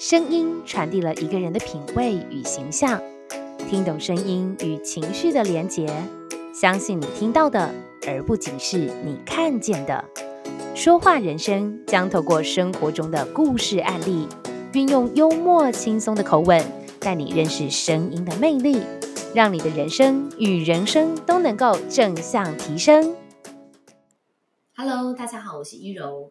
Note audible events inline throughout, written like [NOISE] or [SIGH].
聲音傳遞了一個人的品味與形象，聽懂聲音與情緒的連結，相信你聽到的，而不僅是你看見的。說話人生將透過生活中的故事案例，運用幽默輕鬆的口吻，帶你認識聲音的魅力，讓你的人生與人生都能夠正向提升。Hello，大家好，我是依柔，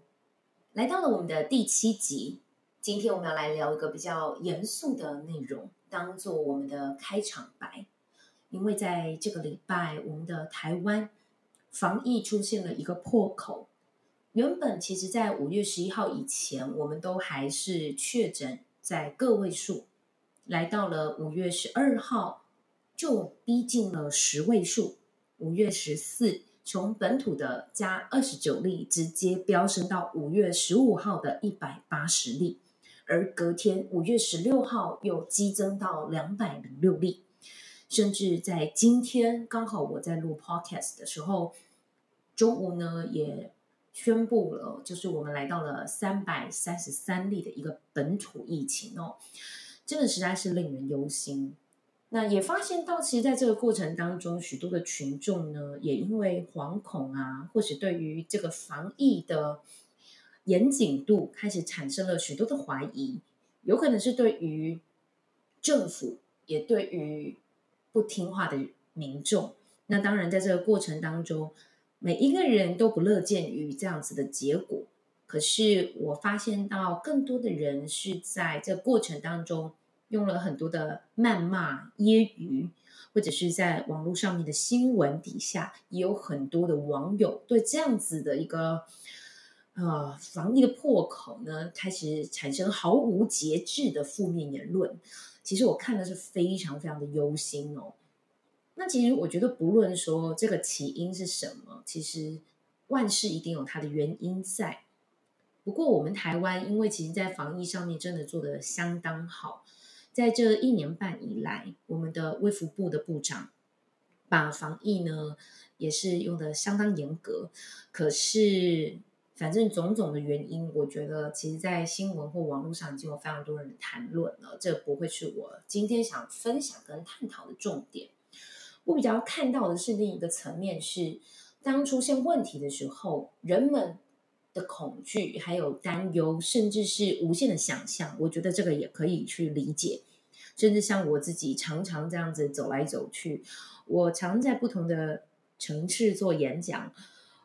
來到了我們的第七集。今天我們要來聊一個比較嚴肅的內容，當做我們的開場白。因為在這個禮拜，我們的台灣防疫出現了一個破口。原本其實在五月十一號以前，我們都還是確診在個位數，來到了五月十二號就逼近了十位數。五月十四，從本土的加二十九例直接飆升到五月十五號的一百八十例。而隔天五月十六號又激增到兩百零六例，甚至在今天剛好我在錄 podcast 的時候，中午呢也宣布了，就是我們來到了三百三十三例的一個本土疫情哦，真的實在是令人憂心。那也發現到，其實在這個過程當中，許多的群眾呢也因為惶恐啊，或是對於這個防疫的嚴謹度開始產生了許多的懷疑，有可能是對於政府，也對於不聽話的民眾。那當然，在這個過程當中，每一個人都不樂見於這樣子的結果。可是，我發現到更多的人是在這個過程當中用了很多的謾罵、揶揄，或者是在網絡上面的新聞底下，也有很多的網友對這樣子的一個。啊、呃，防疫的破口呢，開始產生毫無節制的負面言論。其實我看的是非常非常的憂心哦。那其實我覺得，不論說這個起因是什麼，其實萬事一定有它的原因在。不過我們台灣，因為其實，在防疫上面真的做得相當好，在這一年半以來，我們的衛福部的部長把防疫呢，也是用得相當嚴格。可是。反正種種的原因，我覺得其實，在新聞或網絡上已經有非常多人談論了，這個、不會是我今天想分享跟探討的重點。我比較看到的是另一個層面是，是當出現問題的時候，人們的恐懼、還有擔憂，甚至是無限的想象，我覺得這個也可以去理解。甚至像我自己常常這樣子走來走去，我常在不同的城市做演講。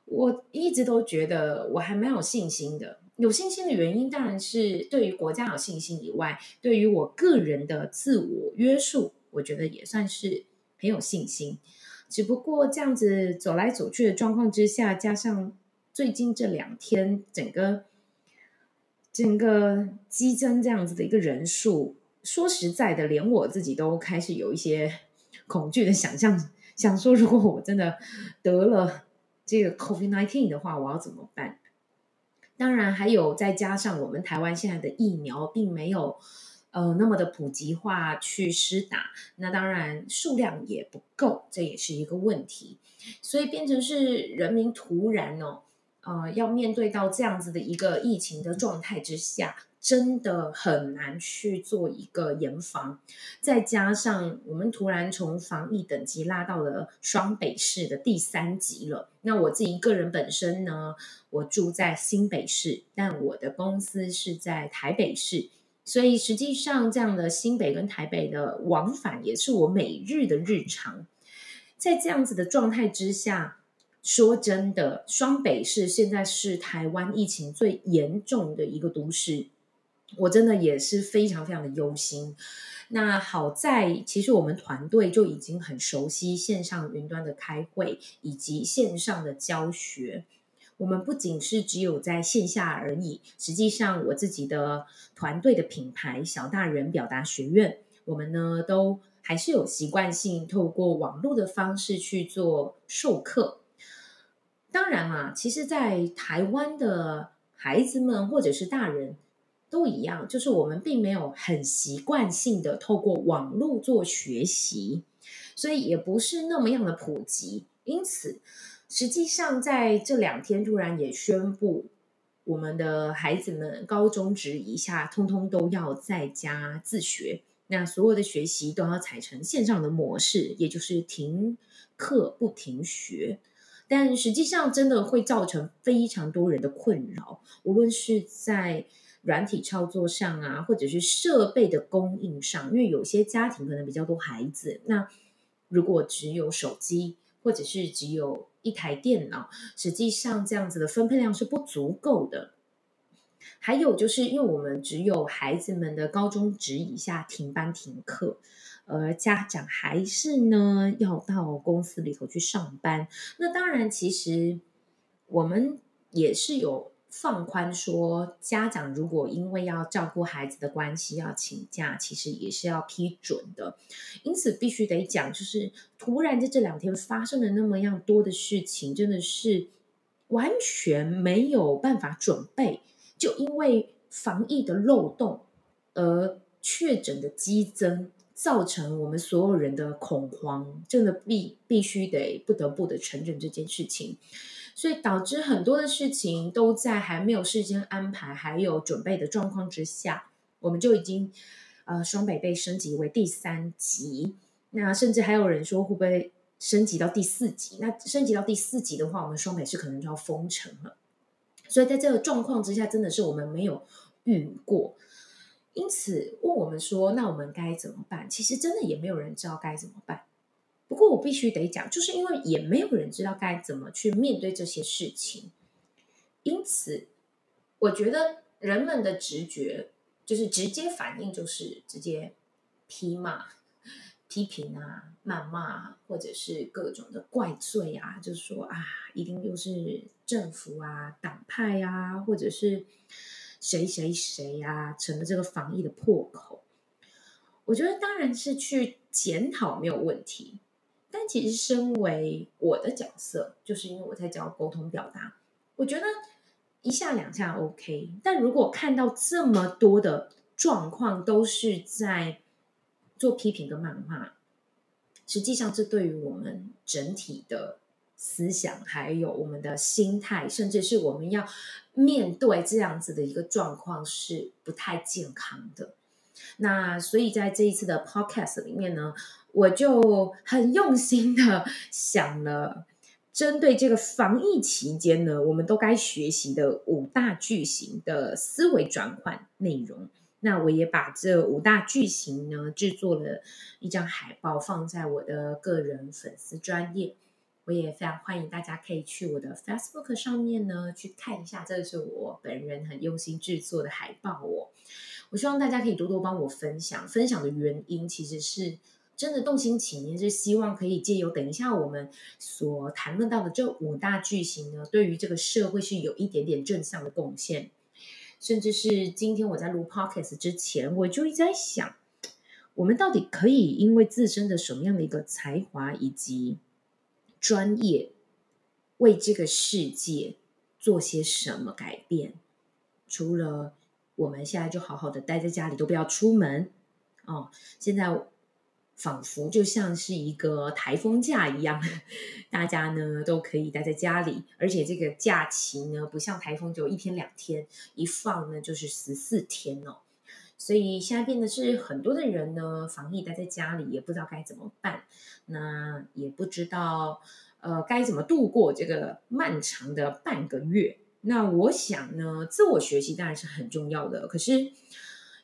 我一直都覺得我還蠻有信心的。有信心的原因當然是對於國家有信心以外，對於我個人的自我約束，我覺得也算是很有信心。只不過這樣子走來走去的狀況之下，加上最近這兩天整個整個激增這樣子的一個人數，說實在的，連我自己都開始有一些恐懼的想象，想說如果我真的得了。這個 COVID-19 的話，我要怎麼辦？當然，還有再加上我們台灣現在的疫苗並沒有呃那麼的普及化去施打，那當然數量也不夠，這也是一個問題。所以變成是人民突然呢、哦，呃，要面對到這樣子的一個疫情的狀態之下。真的很難去做一個嚴防，再加上我們突然從防疫等級拉到了雙北市的第三級了。那我自己個人本身呢，我住在新北市，但我的公司是在台北市，所以實際上這樣的新北跟台北的往返也是我每日的日常。在這樣子的狀態之下，說真的，雙北市現在是台灣疫情最嚴重的一個都市。我真的也是非常非常的憂心。那好在，其實我們團隊就已經很熟悉線上雲端的開會以及線上的教學。我們不僅是只有在線下而已，實際上我自己的團隊的品牌“小大人表達學院”，我們呢都還是有習慣性透過網絡的方式去做授課。當然啊，其實，在台灣的孩子們或者是大人。都一樣，就是我們並沒有很習慣性的透過網絡做學習，所以也不是那麼樣的普及。因此，實際上在這兩天突然也宣布，我們的孩子們高中職以下通通都要在家自學，那所有的學習都要採成線上的模式，也就是停課不停學。但實際上，真的會造成非常多人的困擾，無論是在。軟體操作上啊，或者是設備的供應上，因為有些家庭可能比較多孩子，那如果只有手機或者是只有一台電腦，實際上這樣子的分配量是不足夠的。還有就是，因為我們只有孩子們的高中職以下停班停課，而家長還是呢要到公司裡頭去上班。那當然，其實我們也是有。放寬說，家長如果因為要照顧孩子的關係要請假，其實也是要批准的。因此，必須得講，就是突然在這兩天發生了那麼樣多的事情，真的是完全沒有辦法準備。就因為防疫的漏洞而確診的激增，造成我們所有人的恐慌，真的必必須得不得不的承認這件事情。所以導致很多的事情都在還沒有事先安排，還有準備的狀況之下，我們就已經，呃，雙北被升級為第三級，那甚至還有人說會不會升級到第四級？那升級到第四級的話，我們雙北是可能就要封城了。所以在這個狀況之下，真的是我們沒有遇過，因此問我們說，那我們該怎麼辦？其實真的也沒有人知道該怎麼辦。不過我必須得講，就是因為也沒有人知道該怎麼去面對這些事情，因此我覺得人們的直覺就是直接反應，就是直接批罵、批評啊、謾罵、罵，或者是各種的怪罪啊，就是說啊，一定又是政府啊、黨派啊，或者是誰誰誰啊，成了這個防疫的破口。我覺得當然是去檢討沒有問題。但其實，身為我的角色，就是因為我在教溝通表達，我覺得一下兩下 OK。但如果看到這麼多的狀況都是在做批評跟謾罵，實際上這對於我們整體的思想，還有我們的心態，甚至是我們要面對這樣子的一個狀況，是不太健康的。那所以在這一次的 Podcast 裡面呢，我就很用心的想了，針對這個防疫期間呢，我們都該學習的五大句型的思維轉換內容。那我也把這五大句型呢製作了一張海報，放在我的個人粉絲專頁。我也非常歡迎大家可以去我的 Facebook 上面呢去看一下，這是我本人很用心製作的海報哦。我希望大家可以多多幫我分享，分享的原因其實是。真的動心起念，是希望可以借由等一下我們所談論到的這五大句型呢，對於這個社會是有一點點正向的貢獻。甚至是今天我在錄 podcast 之前，我就一直在想，我們到底可以因為自身的什麼樣的一個才華以及專業，為這個世界做些什麼改變？除了我們現在就好好的待在家裡，都不要出門哦。現在。仿佛就像是一個台風假一樣，大家呢都可以待在家裡，而且這個假期呢不像台風就一天兩天，一放呢就是十四天哦。所以現在變得是很多的人呢防疫待在家裡，也不知道該怎麼辦，那也不知道呃該怎麼度過這個漫長的半個月。那我想呢，自我學習當然是很重要的，可是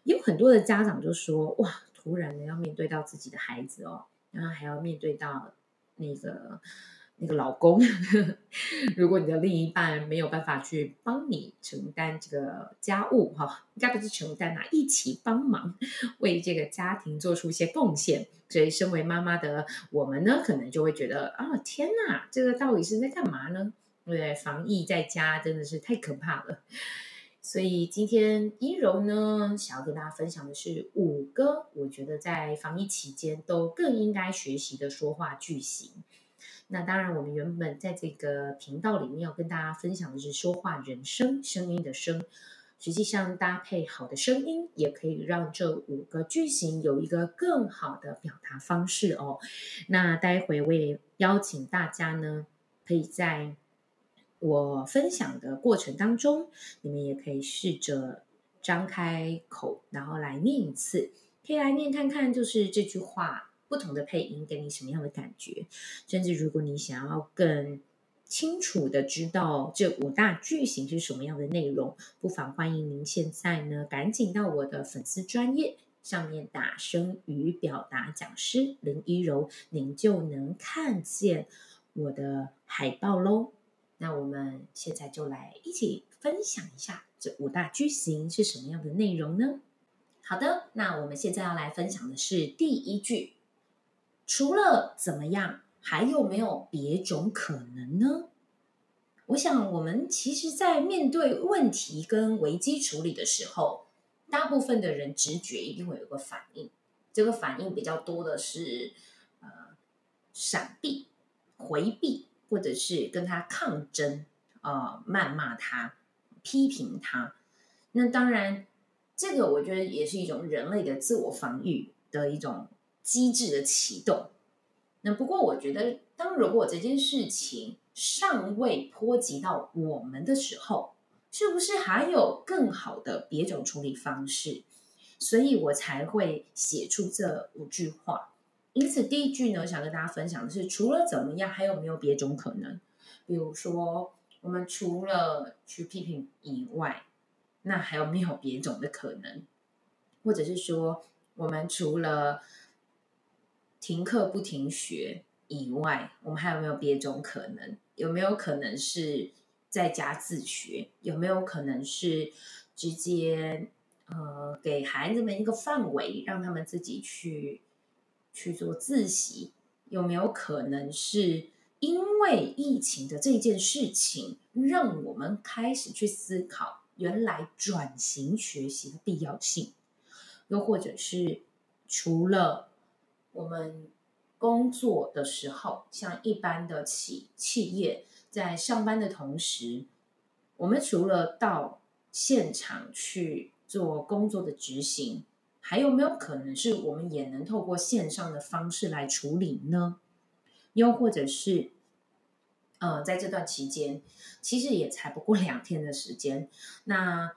有很多的家長就說哇。突然的要面對到自己的孩子哦，然後還要面對到那個那個老公。 [LAUGHS] 如果你的另一半沒有辦法去幫你承擔這個家務哈，哦、應該不是承擔啊，一起幫忙為這個家庭做出一些貢獻。所以，身為媽媽的我們呢，可能就會覺得啊、哦，天哪，這個到底是在幹嘛呢？因為防疫在家真的是太可怕了。所以今天依柔呢，想要跟大家分享的是五個我覺得在防疫期間都更應該學習的說話句型。那當然，我們原本在這個頻道裡面要跟大家分享的是說話人聲，聲音的聲，實際上搭配好的聲音，也可以讓這五個句型有一個更好的表達方式哦。那待會我也邀請大家呢，可以在。我分享的過程當中，你們也可以試着張開口，然後來念一次，可以來念看看，就是這句話不同的配音給你什麼樣的感覺。甚至如果你想要更清楚的知道這五大句型是什麼樣的內容，不妨歡迎您現在呢，趕緊到我的粉絲專頁上面打“聲語表達講師林依柔”，您就能看見我的海報嘍。那我們現在就來一起分享一下這五大句型是什麼樣的內容呢？好的，那我們現在要來分享的是第一句：除了怎麼樣，還有沒有別種可能呢？我想，我們其實，在面對問題跟危機處理的時候，大部分的人直覺一定會有個反應，這個反應比較多的是呃，閃避、回避。或者是跟他抗爭啊，呃，謾罵他，批評他，那當然，這個我覺得也是一種人類的自我防禦的一種機制的啟動。那不過我覺得，當如果這件事情尚未波及到我們的時候，是不是還有更好的別種處理方式？所以我才會寫出這五句話。因此，第一句呢，我想跟大家分享的是，除了怎麼樣，還有沒有別種可能？比如說，我們除了去批評以外，那還有沒有別種的可能？或者是說，我們除了停課不停學以外，我們還有沒有別種可能？有沒有可能是在家自學？有沒有可能是直接呃，給孩子們一個範圍，讓他們自己去？去做自習，有沒有可能是因為疫情的這件事情，讓我們開始去思考原來轉型學習的必要性？又或者是除了我們工作的時候，像一般的企企業，在上班的同時，我們除了到現場去做工作的執行，還有沒有可能是我們也能透過線上的方式來處理呢？又或者是，呃，在這段期間，其實也才不過兩天的時間。那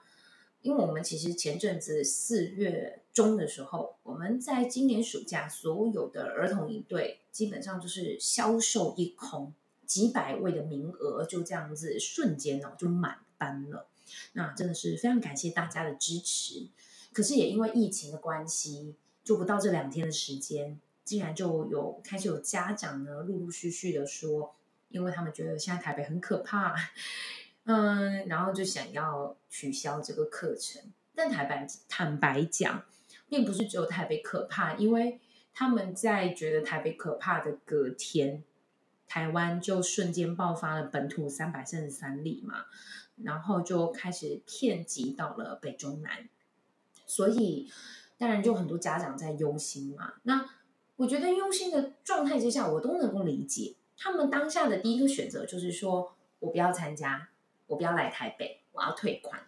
因為我們其實前陣子四月中的時候，我們在今年暑假所有的兒童營隊基本上就是銷售一空，幾百位的名額就這樣子瞬間哦，就滿班了。那真的是非常感謝大家的支持。可是也因為疫情的關係，就不到這兩天的時間，竟然就有開始有家長呢，陸陸續續的說，因為他們覺得現在台北很可怕，嗯，然後就想要取消這個課程。但台北坦白講，並不是只有台北可怕，因為他們在覺得台北可怕的隔天，台灣就瞬間爆發了本土三百三十三例嘛，然後就開始遍及到了北中南。所以，當然就有很多家長在憂心嘛。那我覺得憂心的狀態之下，我都能夠理解他們當下的第一個選擇就是說，我不要參加，我不要來台北，我要退款。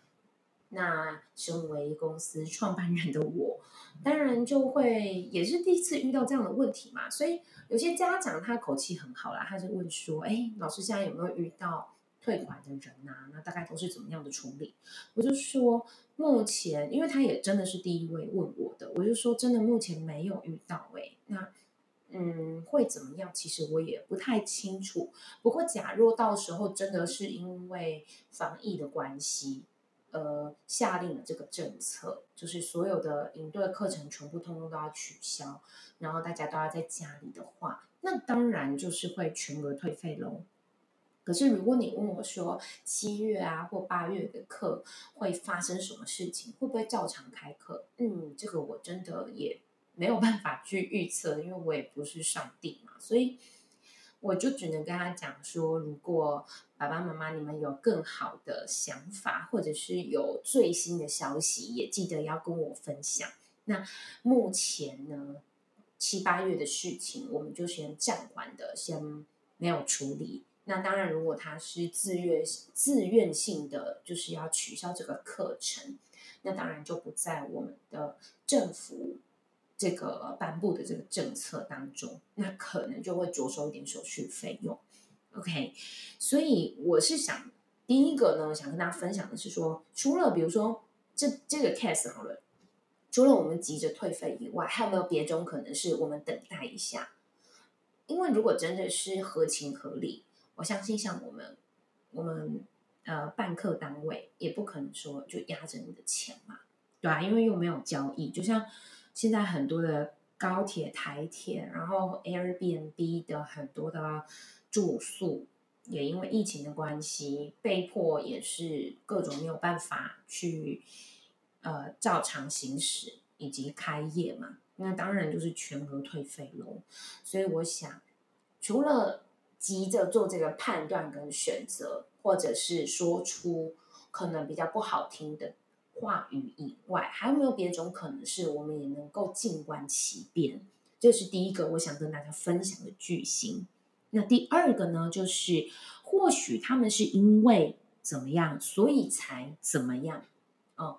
那身為公司創辦人的我，當然就會也是第一次遇到這樣的問題嘛。所以有些家長他口氣很好啦，他就問說：“誒，老師現在有沒有遇到退款的人呢啊？那大概都是怎麼樣的處理？”我就說。目前，因為他也真的是第一位問我的，我就說真的目前沒有遇到哎，那嗯會怎麼樣？其實我也不太清楚。不過假若到時候真的是因為防疫的關係，呃，下令了這個政策，就是所有的營隊課程全部通通都要取消，然後大家都要在家裡的話，那當然就是會全額退費嘍。可是，如果你問我說七月啊或八月的課會發生什麼事情，會不會照常開課？嗯，這個我真的也沒有辦法去預測，因為我也不是上帝嘛，所以我就只能跟他講說：如果爸爸媽媽你們有更好的想法，或者是有最新的消息，也記得要跟我分享。那目前呢，七八月的事情，我們就先暫緩的，先沒有處理。那當然，如果他是自願自願性的，就是要取消這個課程，那當然就不在我們的政府這個頒布的這個政策當中，那可能就會着手一點手續費用。OK，所以我是想第一個呢，想跟大家分享的是說，除了比如說這這個 case 好了，除了我們急着退費以外，還有沒有別種可能是我們等待一下？因為如果真的是合情合理。我相信，像我們，我們呃，辦課單位也不可能說就壓着你的錢嘛，對啊，因為又沒有交易，就像現在很多的高鐵、台鐵，然後 Airbnb 的很多的住宿，也因為疫情的關係，被迫也是各種沒有辦法去呃照常行駛以及開業嘛。那當然就是全額退費嘍。所以我想，除了急着做這個判斷跟選擇，或者是說出可能比較不好聽的話語以外，還有沒有別種可能是我們也能夠靜觀其變？這是第一個我想跟大家分享的句型。那第二個呢，就是或許他們是因為怎麼樣，所以才怎麼樣。哦、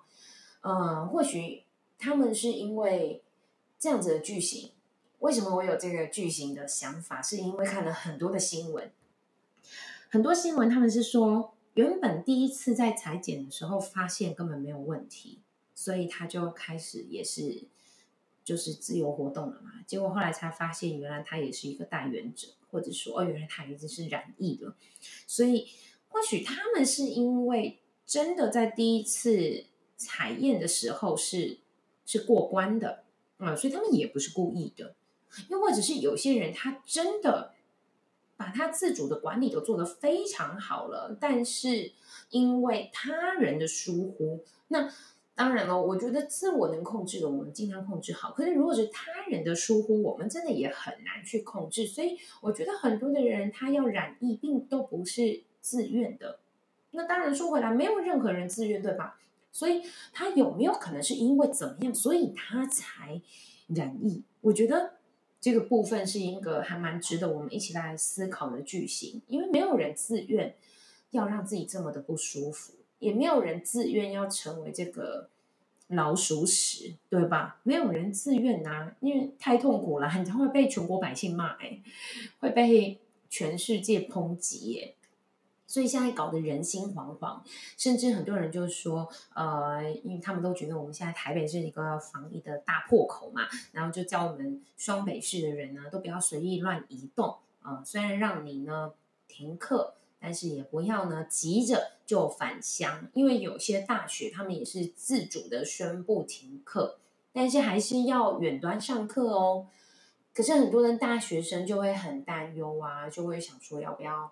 嗯，呃，或許他們是因為這樣子的句型。為什麼我有這個句型的想法？是因為看了很多的新聞，很多新聞他們是說，原本第一次在採檢的時候發現根本沒有問題，所以他就開始也是就是自由活動了嘛。結果後來才發現，原來他也是一個帶原者，或者說哦，原來他已經是染疫了。所以或許他們是因為真的在第一次採驗的時候是是過關的嗯，所以他們也不是故意的。又或者是有些人，他真的把他自主的管理都做得非常好了，但是因為他人的疏忽，那當然了、哦，我覺得自我能控制的，我們儘量控制好。可是如果是他人的疏忽，我們真的也很難去控制。所以我覺得很多的人他要染疫，並都不是自願的。那當然說回來，沒有任何人自願，對吧？所以他有沒有可能是因為怎麼樣，所以他才染疫？我覺得。這個部分是一個還蠻值得我們一起來思考的句型，因為沒有人自願要讓自己這麼的不舒服，也沒有人自願要成為這個老鼠屎，對吧？沒有人自願啊，因為太痛苦了，很常會被全國百姓罵欸，會被全世界抨擊欸。所以現在搞得人心惶惶，甚至很多人就說，呃，因為他們都覺得我們現在台北是一個防疫的大破口嘛，然後就叫我們雙北市的人呢，都不要隨意亂移動，啊、呃，雖然讓你呢停課，但是也不要呢急着就返鄉，因為有些大學他們也是自主的宣布停課，但是還是要遠端上課哦。可是很多的大學生就會很擔憂啊，就會想說要不要？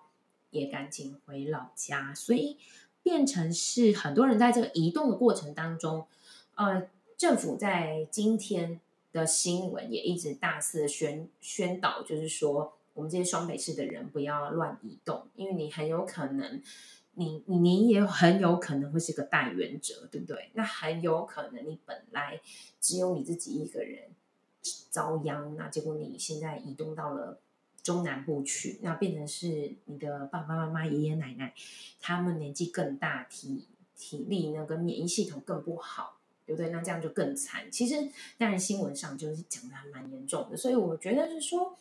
也趕緊回老家，所以變成是很多人在這個移動的過程當中，呃，政府在今天的新聞也一直大肆宣宣導，就是說我們這些雙北市的人不要亂移動，因為你很有可能，你你也很有可能會是個帶原者，對不對？那很有可能你本來只有你自己一個人遭殃，那結果你現在移動到了。中南部去，那變成是你的爸爸媽媽、爺爺奶奶，他們年紀更大，體體力那個免疫系統更不好，對不對？那這樣就更慘。其實當然新聞上就是講的還蠻嚴重的，所以我覺得是說，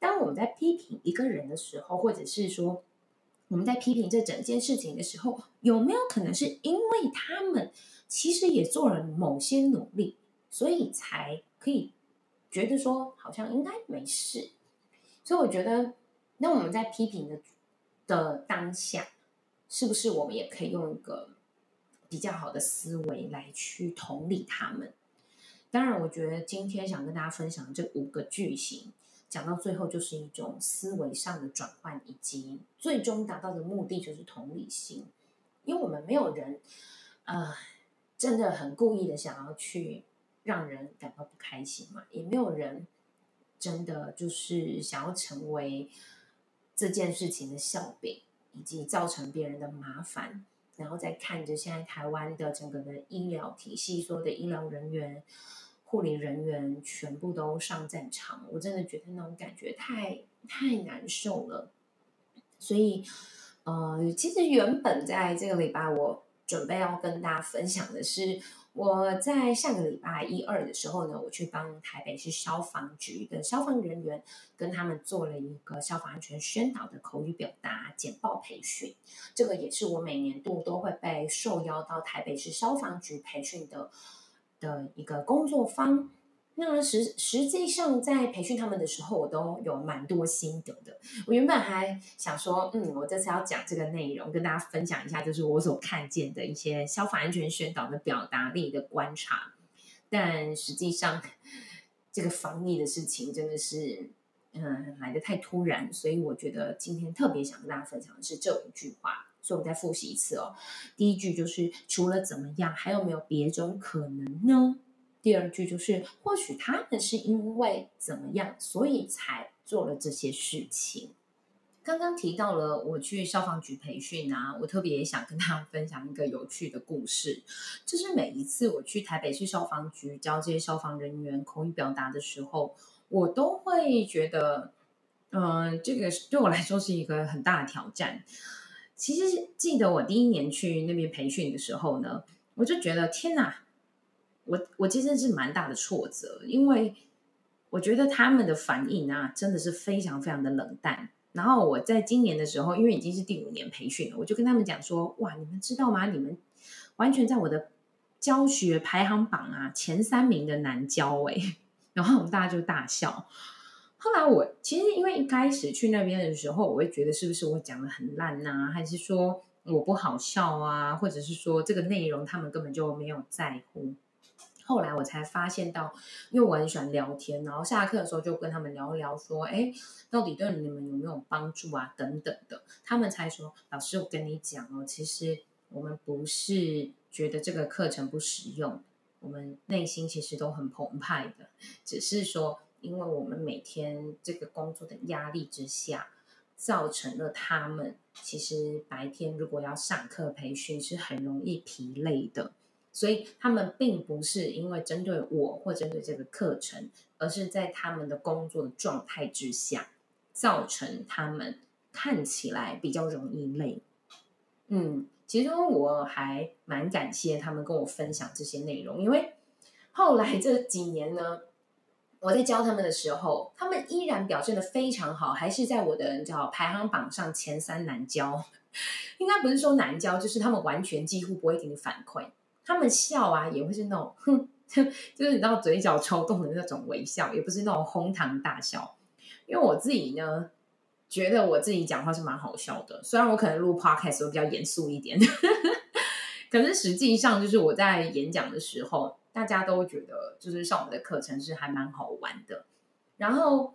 當我們在批評一個人的時候，或者是說我們在批評這整件事情的時候，有沒有可能是因為他們其實也做了某些努力，所以才可以覺得說好像應該沒事？所以我覺得，那我們在批評的的當下，是不是我們也可以用一個比較好的思維來去同理他們？當然，我覺得今天想跟大家分享這五個句型，講到最後就是一種思維上的轉換，以及最終達到的目的就是同理心。因為我們沒有人，呃，真的很故意的想要去讓人感到不開心嘛，也沒有人。真的就是想要成為這件事情的笑柄，以及造成別人的麻煩，然後再看着現在台灣的整個的醫療體系，所有的醫療人員、護理人員全部都上戰場，我真的覺得那種感覺太太難受了。所以，呃，其實原本在這個禮拜我準備要跟大家分享的是。我在上個禮拜一二的時候呢，我去幫台北市消防局的消防人員跟他們做了一個消防安全宣導的口語表達簡報培訓。這個也是我每年度都會被受邀到台北市消防局培訓的的一個工作坊。那實實際上，在培訓他們的時候，我都有蠻多心得的。我原本還想說，嗯，我這次要講這個內容，跟大家分享一下，就是我所看見的一些消防安全宣導的表達力的觀察。但實際上，這個防疫的事情真的是，嗯，來得太突然，所以我覺得今天特別想跟大家分享的是這五句話。所以我再複習一次哦。第一句就是，除了怎麼樣，還有沒有別種可能呢？第二句就是，或許他們是因為怎麼樣，所以才做了這些事情。剛剛提到了我去消防局培訓啊，我特別也想跟大家分享一個有趣的故事。就是每一次我去台北市消防局教這些消防人員口語表達的時候，我都會覺得，嗯、呃，這個對我來說是一個很大的挑戰。其實記得我第一年去那邊培訓的時候呢，我就覺得天哪！我我其實是蠻大的挫折，因為我覺得他們的反應啊，真的是非常非常的冷淡。然後我在今年的時候，因為已經是第五年培訓了，我就跟他們講說：“哇，你們知道嗎？你們完全在我的教學排行榜啊前三名的難教哎、欸。”然後我們大家就大笑。後來我其實因為一開始去那邊的時候，我會覺得是不是我講的很爛吶、啊，還是說我不好笑啊，或者是說這個內容他們根本就沒有在乎。後來我才發現到，因為我很喜歡聊天，然後下課的時候就跟他們聊一聊，說，哎，到底對你們有沒有幫助啊？等等的，他們才說，老師我跟你講哦，其實我們不是覺得這個課程不實用，我們內心其實都很澎湃的，只是說，因為我們每天這個工作的壓力之下，造成了他們其實白天如果要上課培訓是很容易疲累的。所以他們並不是因為針對我或針對這個課程，而是在他們的工作的狀態之下，造成他們看起來比較容易累。嗯，其實我還蠻感謝他們跟我分享這些內容，因為後來這幾年呢，我在教他們的時候，他們依然表現得非常好，還是在我的叫排行榜上前三難教， [LAUGHS] 應該不是說難教，就是他們完全幾乎不會給你反饋。他們笑啊，也會是那種哼，就是你知道嘴角抽動的那種微笑，也不是那種鬨堂大笑。因為我自己呢，覺得我自己講話是蠻好笑的，雖然我可能錄 podcast 會比較嚴肅一點，呵呵，可是實際上就是我在演講的時候，大家都覺得就是上我們的課程是還蠻好玩的。然後，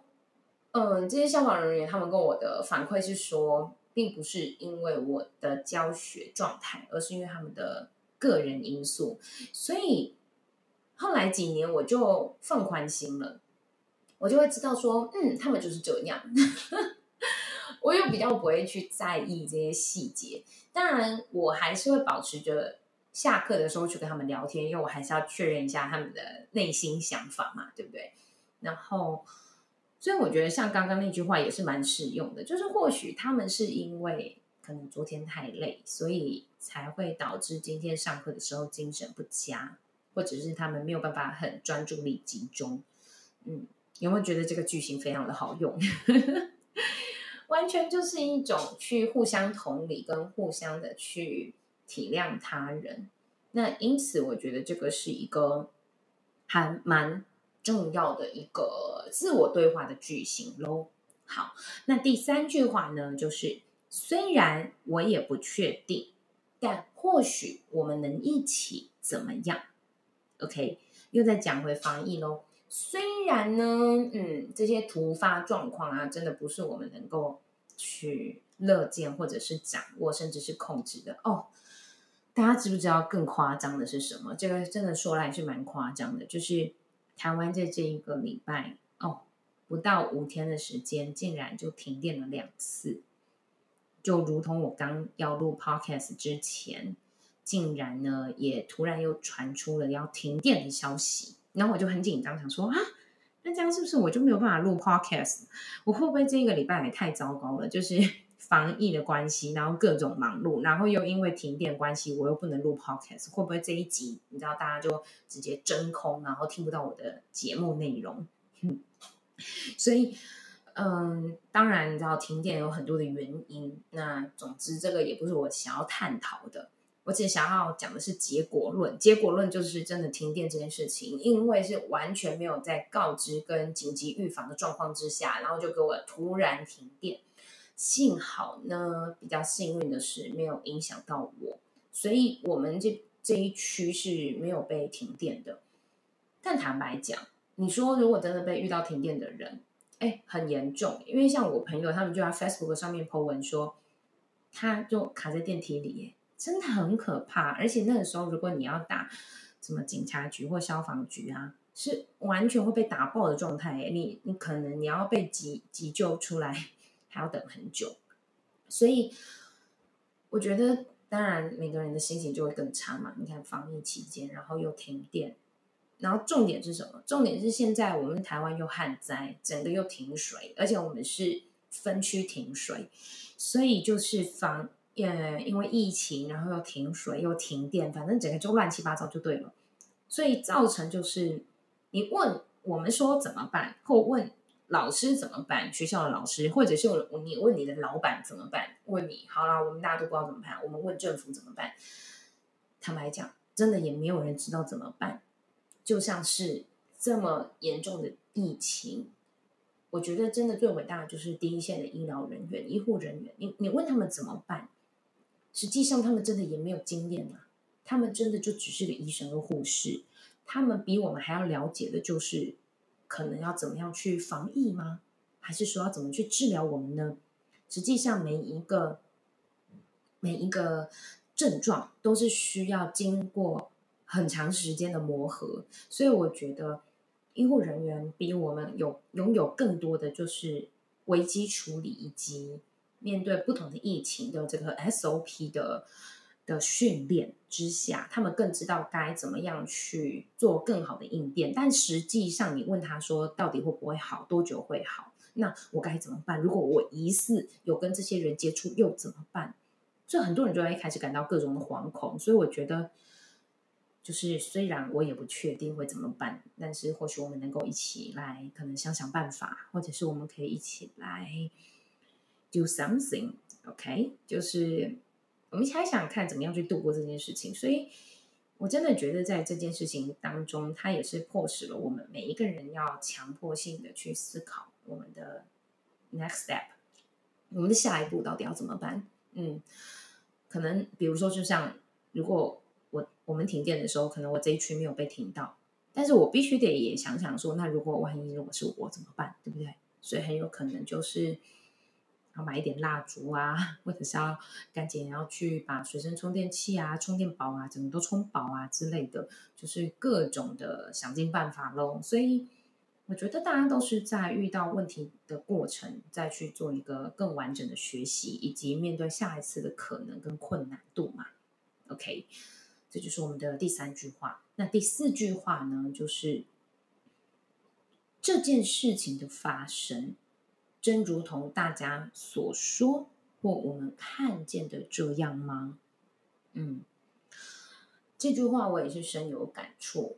嗯，這些消防人員他們跟我的反饋是說，並不是因為我的教學狀態，而是因為他們的。個人因素，所以後來幾年我就放寬心了，我就會知道說，嗯，他們就是這樣。 [LAUGHS] 我又比較不會去在意這些細節，當然我還是會保持着下課的時候去跟他們聊天，因為我還是要確認一下他們的內心想法嘛，對不對？然後，所以我覺得像剛剛那句話也是蠻適用的，就是或許他們是因為可能昨天太累，所以。才會導致今天上課的時候精神不佳，或者是他們沒有辦法很專注力集中。嗯，有沒有覺得這個句型非常的好用？ [LAUGHS] 完全就是一種去互相同理跟互相的去體諒他人。那因此，我覺得這個是一個還蠻重要的一個自我對話的句型咯。好，那第三句話呢，就是雖然我也不確定。但或許我們能一起怎麼樣？OK，又再講回防疫咯，雖然呢，嗯，這些突發狀況啊，真的不是我們能夠去樂見或者是掌握，甚至是控制的哦。大家知不知道更誇張的是什麼？這個真的說來是蠻誇張的，就是台灣在這一個禮拜哦，不到五天的時間，竟然就停電了兩次。就如同我剛要錄 podcast 之前，竟然呢也突然又傳出了要停電的消息，然後我就很緊張，想說啊，那這樣是不是我就沒有辦法錄 podcast？我會不會這個禮拜也太糟糕了？就是防疫的關係，然後各種忙碌，然後又因為停電關係，我又不能錄 podcast，會不會這一集你知道大家就直接真空，然後聽不到我的節目內容？嗯，所以。嗯，當然，你知道停電有很多的原因。那總之，這個也不是我想要探討的。我只想要講的是結果論。結果論就是真的停電這件事情，因為是完全沒有在告知跟緊急預防的狀況之下，然後就給我突然停電。幸好呢，比較幸運的是沒有影響到我，所以我們這這一區是沒有被停電的。但坦白講，你說如果真的被遇到停電的人。哎，很嚴重，因為像我朋友他們就在 Facebook 上面 po 文說，他就卡在電梯裡耶，真的很可怕。而且那個時候如果你要打什麼警察局或消防局啊，是完全會被打爆的狀態耶，你你可能你要被急急救出來還要等很久。所以我覺得，當然每個人的心情就會更差嘛。你看防疫期間，然後又停電。然後重點是什麼？重點是現在我們台灣又旱災，整個又停水，而且我們是分區停水，所以就是防，呃，因為疫情，然後又停水又停電，反正整個就亂七八糟就對了。所以造成就是，你問我們說怎麼辦，或問老師怎麼辦，學校的老師，或者是你問你的老板怎麼辦？問你好啦，我們大家都不知道怎麼辦。我們問政府怎麼辦？坦白講，真的也沒有人知道怎麼辦。就像是這麼嚴重的疫情，我覺得真的最偉大的就是第一線的醫療人員、醫護人員。你你問他們怎麼辦？實際上他們真的也沒有經驗啊。他們真的就只是個醫生和護士，他們比我們還要了解的就是可能要怎麼樣去防疫嗎？還是說要怎麼去治療我們呢？實際上，每一個每一個症狀都是需要經過。很長時間的磨合，所以我覺得醫護人員比我們有擁有更多的就是危機處理，以及面對不同的疫情的這個 SOP 的的訓練之下，他們更知道該怎麼樣去做更好的應變。但實際上，你問他說到底會不會好，多久會好？那我該怎麼辦？如果我疑似有跟這些人接觸，又怎麼辦？所以很多人就會開始感到各種的惶恐。所以我覺得。就是雖然我也不確定會怎麼辦，但是或許我們能夠一起來，可能想想辦法，或者是我們可以一起來 do something。OK，就是我們還想看怎麼樣去度過這件事情。所以，我真的覺得在這件事情當中，它也是迫使了我們每一個人要強迫性的去思考我們的 next step，我們的下一步到底要怎麼辦？嗯，可能比如說，就像如果。我我們停電的時候，可能我這一區沒有被停到，但是我必須得也想想說，那如果萬一如果是我怎麼辦，對不對？所以很有可能就是要買一點蠟燭啊，或者是要趕緊要去把隨身充電器啊、充電寶啊，怎麼都充飽啊之類的，就是各種的想盡辦法咯。所以我覺得大家都是在遇到問題的過程，再去做一個更完整的學習，以及面對下一次的可能跟困難度嘛。OK。這就是我們的第三句話。那第四句話呢？就是這件事情的發生，真如同大家所說或我們看見的這樣嗎？嗯，這句話我也是深有感觸，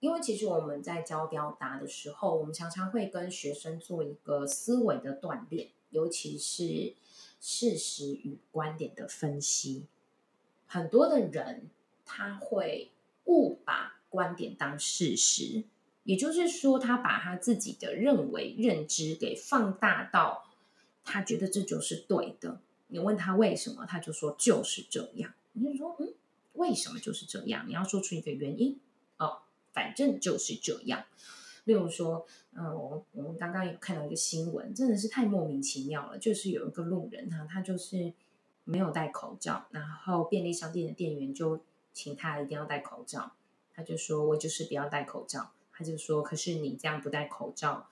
因為其實我們在教表達的時候，我們常常會跟學生做一個思維的鍛鍊，尤其是事實與觀點的分析。很多的人。他會誤把觀點當事實，也就是說，他把他自己的認為認知給放大到他覺得這就是對的。你問他為什麼，他就說就是這樣。你就說，嗯，為什麼就是這樣？你要說出一個原因哦，反正就是這樣。例如說，嗯，我們剛剛有看到一個新聞，真的是太莫名其妙了，就是有一個路人他他就是沒有戴口罩，然後便利商店的店員就。請他一定要戴口罩，他就說：“我就是不要戴口罩。”他就說：“可是你這樣不戴口罩，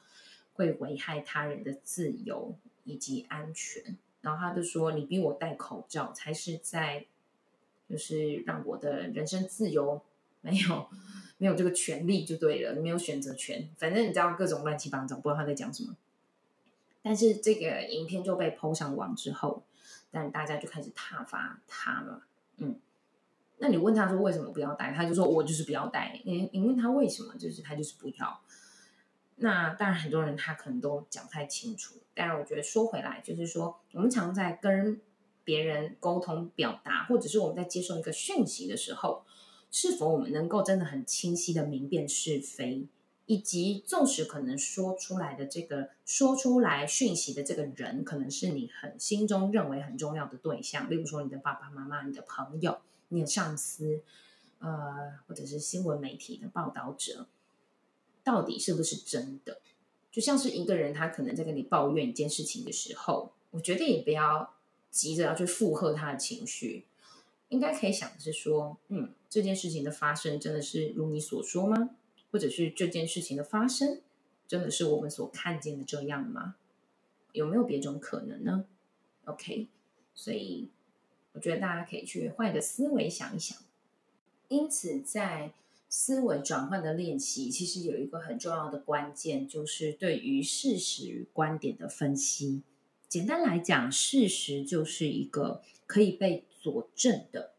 會危害他人的自由以及安全。”然後他就說：“你逼我戴口罩，才是在就是讓我的人身自由沒有沒有這個權利就對了，沒有選擇權。反正你知道各種亂七八糟，不知道他在講什麼。但是這個影片就被 PO 上網之後，但大家就開始撻伐他了，嗯。”那你問他說為什麼不要帶，他就說：“我就是不要帶。”你你問他為什麼，就是他就是不要。那當然很多人他可能都講不太清楚。但是，我覺得說回來，就是說我們常在跟別人溝通、表達，或者是我們在接受一個訊息的時候，是否我們能夠真的很清晰的明辨是非，以及縱使可能說出來的這個說出來訊息的這個人，可能是你很心中認為很重要的對象，例如說你的爸爸媽媽、你的朋友。你的上司，呃，或者是新聞媒體的報道者，到底是不是真的？就像是一個人，他可能在跟你抱怨一件事情的時候，我覺得也不要急着要去附和他的情緒，應該可以想的是說，嗯，這件事情的發生真的是如你所說嗎？或者是這件事情的發生真的是我們所看見的這樣嗎？有沒有別種可能呢？OK，所以。我覺得大家可以去換一個思維想一想。因此在思維轉換的練習，其實有一個很重要的關鍵，就是對於事實與觀點的分析。簡單來講，事實就是一個可以被佐證的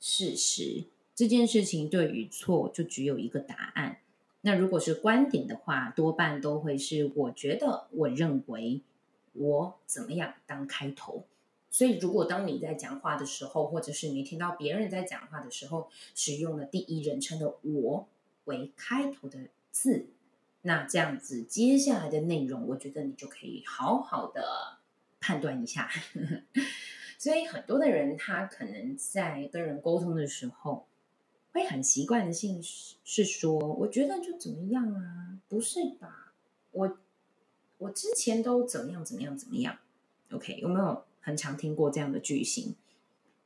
事實，這件事情對與錯就只有一個答案。那如果是觀點的話，多半都會是“我覺得”“我認為”“我怎麼樣”當開頭。所以，如果當你在講話的時候，或者是你聽到別人在講話的時候，使用了第一人稱的“我”為開頭的字，那這樣子接下來的內容，我覺得你就可以好好的判斷一下。 [LAUGHS] 所以，很多的人他可能在跟人溝通的時候，會很習慣性是說：“我覺得就怎麼樣啊？不是吧？我我之前都怎麼樣怎麼樣怎麼樣。”OK，有沒有？很常聽過這樣的句型，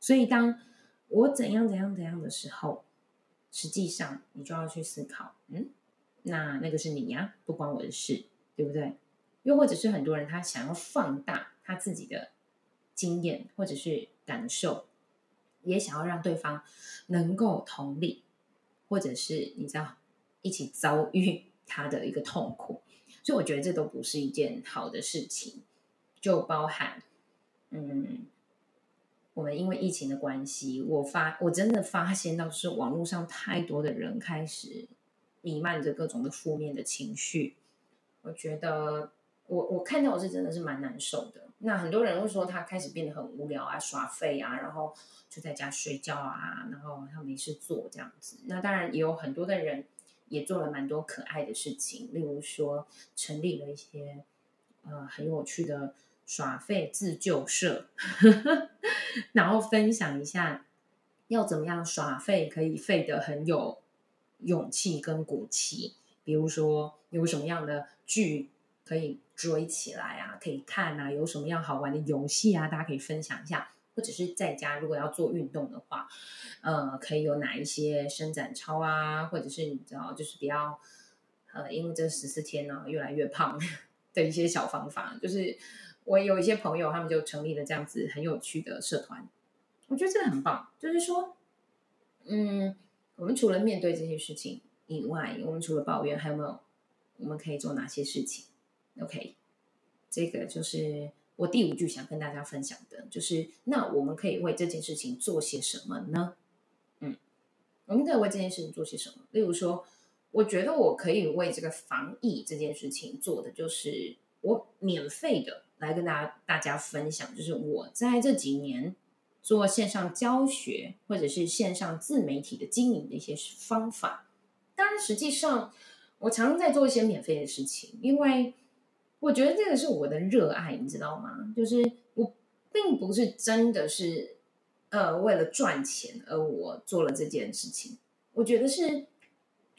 所以當我怎樣怎樣怎樣的時候，實際上你就要去思考，嗯，那那個是你呀，不關我的事，對不對？又或者是很多人他想要放大他自己的經驗或者是感受，也想要讓對方能夠同理，或者是你知道一起遭遇他的一個痛苦，所以我覺得這都不是一件好的事情，就包含。嗯，我們因為疫情的關係，我發我真的發現到是網絡上太多的人開始彌漫着各種的負面的情緒。我覺得我我看到我是真的是蠻難受的。那很多人會說他開始變得很無聊啊，耍廢啊，然後就在家睡覺啊，然後他沒事做這樣子。那當然也有很多的人也做了蠻多可愛的事情，例如說成立了一些呃很有趣的。耍廢自救社， [LAUGHS] 然後分享一下要怎麼樣耍廢可以廢得很有勇氣跟骨氣。比如說有什麼樣的劇可以追起來啊，可以看啊，有什麼樣好玩的遊戲啊，大家可以分享一下。或者是在家如果要做運動的話，呃，可以有哪一些伸展操啊，或者是你知道，就是比較呃，因為這十四天呢、啊、越來越胖的一些小方法，就是。我有一些朋友，他們就成立了這樣子很有趣的社團，我覺得這個很棒。就是說，嗯，我們除了面對這些事情以外，我們除了抱怨，還有沒有我們可以做哪些事情？OK，這個就是我第五句想跟大家分享的，就是那我們可以為這件事情做些什麼呢？嗯，我們可以為這件事情做些什麼？例如說，我覺得我可以為這個防疫這件事情做的就是我免費的。來跟大家大家分享，就是我在這幾年做線上教學或者是線上自媒體的經營的一些方法。當然，實際上我常常在做一些免費的事情，因為我覺得這個是我的熱愛，你知道嗎？就是我並不是真的是呃為了賺錢而我做了這件事情。我覺得是，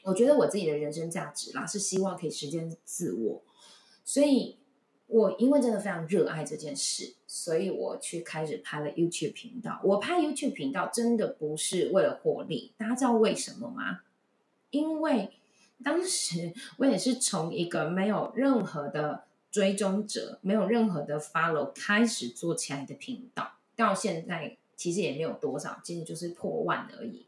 我覺得我自己的人生價值啦，是希望可以實現自我，所以。我因為真的非常熱愛這件事，所以我去開始拍了 YouTube 頻道。我拍 YouTube 頻道真的不是為了獲利，大家知道為什麼嗎？因為當時我也是從一個沒有任何的追蹤者、沒有任何的 follow 開始做起來的頻道，到現在其實也沒有多少，其實就是破萬而已。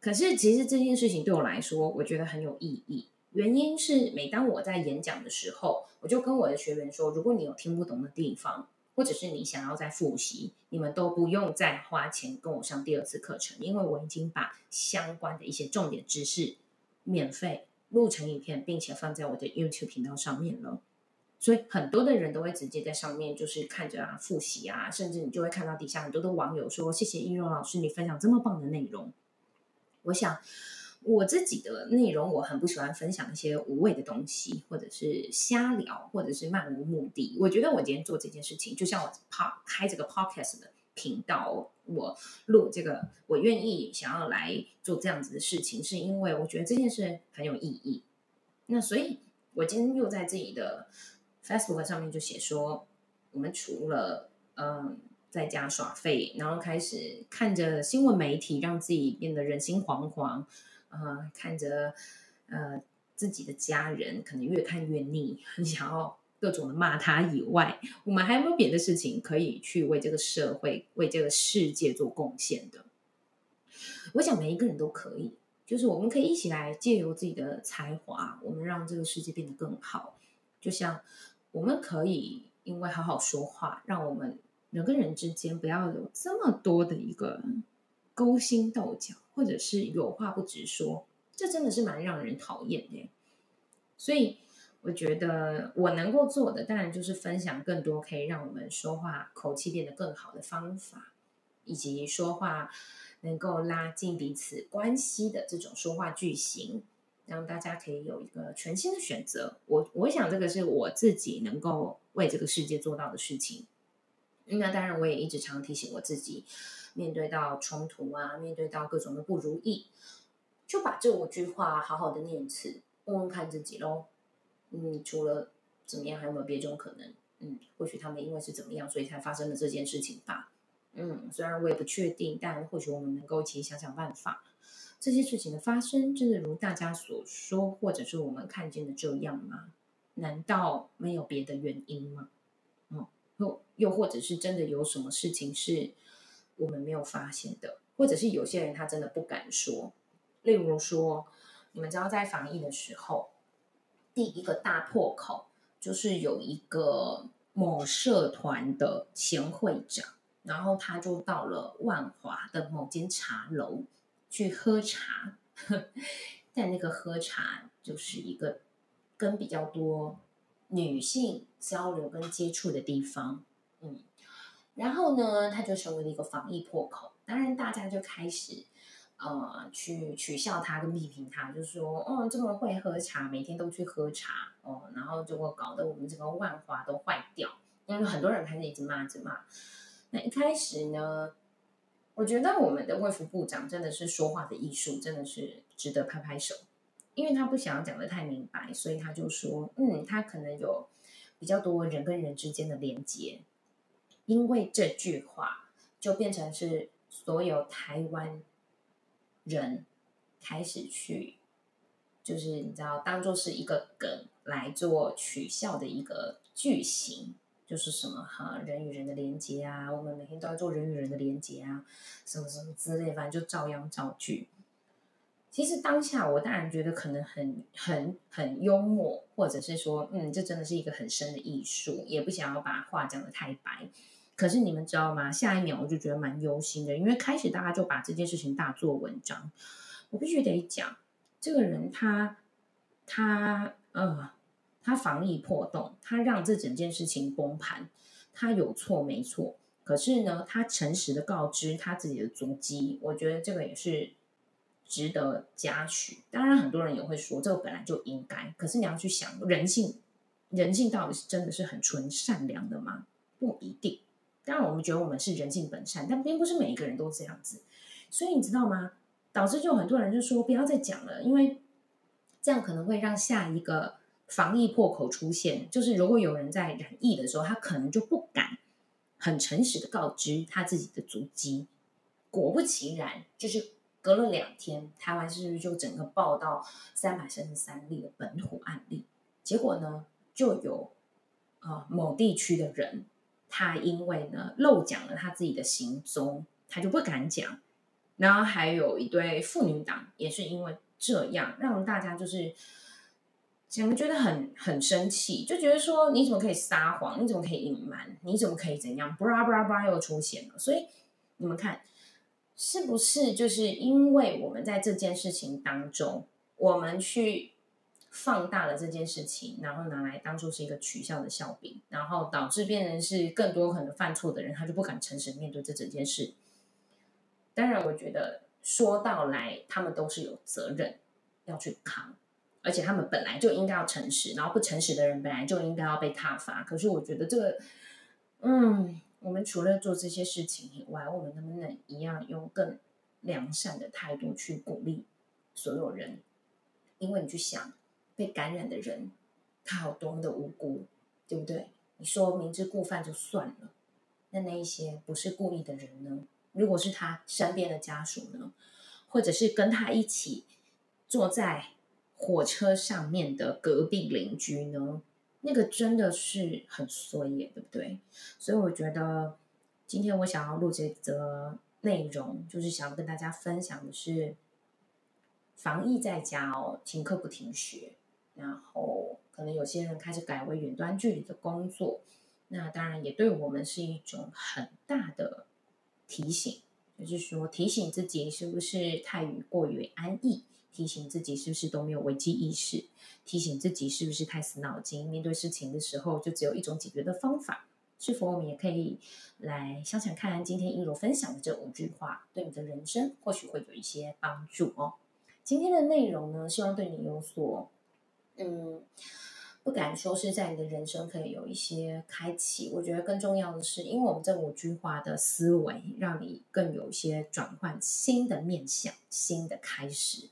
可是其實這件事情對我來說，我覺得很有意義。原因是每當我在演講的時候。我就跟我的學員說，如果你有聽不懂的地方，或者是你想要再複習，你們都不用再花錢跟我上第二次課程，因為我已經把相關的一些重點知識免費錄成影片，並且放在我的 YouTube 頻道上面了。所以很多的人都會直接在上面就是看着啊複習啊，甚至你就會看到底下很多的網友說：“謝謝依柔老師，你分享這麼棒的內容。”我想。我自己的內容，我很不喜歡分享一些無謂的東西，或者是瞎聊，或者是漫無目的。我覺得我今天做這件事情，就像我拍這個 Podcast 的頻道，我錄這個，我願意想要來做這樣子的事情，是因為我覺得這件事很有意義。那所以，我今天又在自己的 Facebook 上面就寫說，我們除了嗯在家耍廢，然後開始看着新聞媒體，讓自己變得人心惶惶。呃、看着，呃，自己的家人可能越看越膩，很想要各種的罵他以外，我們還有沒有別的事情可以去為這個社會、為這個世界做貢獻的。我想每一個人都可以，就是我們可以一起來借由自己的才華，我們讓這個世界變得更好。就像我們可以因為好好說話，讓我們人跟人之間不要有這麼多的一個。勾心鬥角，或者是有話不直說，這真的是蠻讓人討厭的。所以，我覺得我能夠做的，當然就是分享更多可以讓我們說話口氣變得更好的方法，以及說話能夠拉近彼此關係的這種說話句型，讓大家可以有一個全新的選擇。我我想，這個是我自己能夠為這個世界做到的事情。那當然，我也一直常提醒我自己。面對到衝突啊，面對到各種的不如意，就把這五句話好好的念一次，問問看自己咯。你除了怎麼樣，還有沒有別種可能？嗯，或許他們因為是怎麼樣，所以才發生了這件事情吧。嗯，雖然我也不確定，但或許我們能夠一起想想辦法。這些事情的發生，真的如大家所說，或者是我們看見的這樣嗎？難道沒有別的原因嗎？嗯，又又或者是真的有什麼事情是？我們沒有發現的，或者是有些人他真的不敢說。例如說，你們知道在防疫的時候，第一個大破口就是有一個某社團的前會長，然後他就到了萬華的某間茶樓去喝茶，呵，在那個喝茶就是一個跟比較多女性交流跟接觸的地方，嗯。然後呢，他就成為了一個防疫破口，當然大家就開始呃去取笑他跟批評他，就說哦，這麼會喝茶，每天都去喝茶哦，然後就會搞得我們整個萬華都壞掉，因、嗯、為很多人開始一直罵一直罵。那一開始呢，我覺得我們的衛福部長真的是說話的藝術，真的是值得拍拍手，因為他不想要講的太明白，所以他就說嗯，他可能有比較多人跟人之間的連接。因為這句話就變成是所有台灣人開始去，就是你知道，當做是一個梗來做取笑的一個句型，就是什麼哈人與人的連結啊，我們每天都要做人與人的連結啊，什麼什麼之類的，反正就照樣造句。其實當下我當然覺得可能很很很幽默，或者是說，嗯，這真的是一個很深的藝術，也不想要把話講得太白。可是你們知道嗎？下一秒我就覺得蠻憂心的，因為開始大家就把這件事情大做文章。我必須得講，這個人他他呃他防疫破洞，他讓這整件事情崩盤，他有錯沒錯？可是呢，他誠實地告知他自己的足跡，我覺得這個也是值得嘉許。當然，很多人也會說，這個本來就應該。可是你要去想，人性，人性到底是真的是很純善良的嗎？不一定。當然，我們覺得我們是人性本善，但並不是每一個人都這樣子。所以你知道嗎？導致就很多人就說不要再講了，因為這樣可能會讓下一個防疫破口出現。就是如果有人在染疫的時候，他可能就不敢很誠實的告知他自己的足跡。果不其然，就是隔了兩天，台灣是不是就整個報到三百三十三例的本土案例？結果呢，就有啊、呃、某地區的人。他因為呢漏講了他自己的行蹤，他就不敢講。然後還有一對婦女黨也是因為這樣，讓大家就是怎麼覺得很很生氣，就覺得說，你怎麼可以撒謊？你怎麼可以隱瞞？你怎麼可以怎樣？布拉布拉布拉又出現了。所以你們看，是不是就是因為我們在這件事情當中，我們去。放大了這件事情，然後拿來當作是一個取笑的笑柄，然後導致變成是更多可能犯錯的人，他就不敢誠實面對這整件事。當然，我覺得說到來，他們都是有責任要去扛，而且他們本來就應該要誠實，然後不誠實的人本來就應該要被撻伐。可是，我覺得這個，嗯，我們除了做這些事情以外，我們能不能一樣用更良善的態度去鼓勵所有人？因為你去想。被感染的人，他有多麼的無辜，對不對？你說明知故犯就算了，那那一些不是故意的人呢？如果是他身邊的家屬呢，或者是跟他一起坐在火車上面的隔壁鄰居呢？那個真的是很衰耶，對不對？所以我覺得今天我想要錄這則內容，就是想要跟大家分享的是，防疫在家哦，停課不停學。然後可能有些人開始改為遠端距離的工作，那當然也對我們是一種很大的提醒，就是說提醒自己是不是太過於安逸，提醒自己是不是都沒有危機意識，提醒自己是不是太死腦筋，面對事情的時候就只有一種解決的方法，是否我們也可以來想想看，今天依柔分享的這五句話對你的人生或許會有一些幫助哦。今天的內容呢，希望對你有所。嗯，不敢說是在你的人生可以有一些開啟。我覺得更重要的是，因為我們這五句話的思維，讓你更有一些轉換新的面向、新的開始。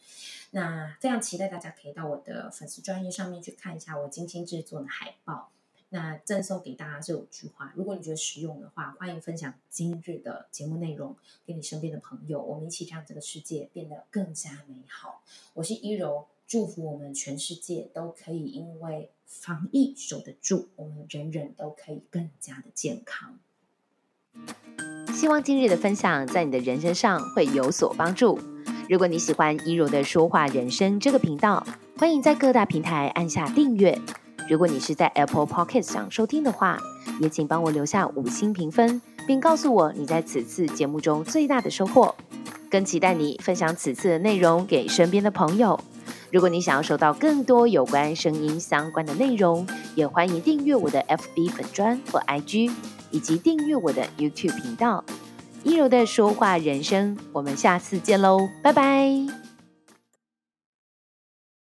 那非常期待大家可以到我的粉絲專頁上面去看一下我精心制作的海報。那贈送給大家這五句話，如果你覺得實用的話，歡迎分享今日的節目內容給你身邊的朋友，我們一起讓這，這個世界變得更加美好。我是依柔。祝福我們全世界都可以因為防疫，守得住，我們人人都可以更加的健康。希望今日的分享在你的人生上會有所幫助。如果你喜歡依柔的說話人生這個頻道，歡迎在各大平台按下訂閱。如果你是在 Apple Podcast 上收聽的話，也請幫我留下五星評分，並告訴我你在此次節目中最大的收穫，更期待你分享此次的內容給身邊的朋友。如果你想要收到更多有關聲音相關的內容，也歡迎訂閱我的 FB 粉專或 IG，以及訂閱我的 YouTube 頻道“依柔的說話人生”。我們下次見嘍，拜拜。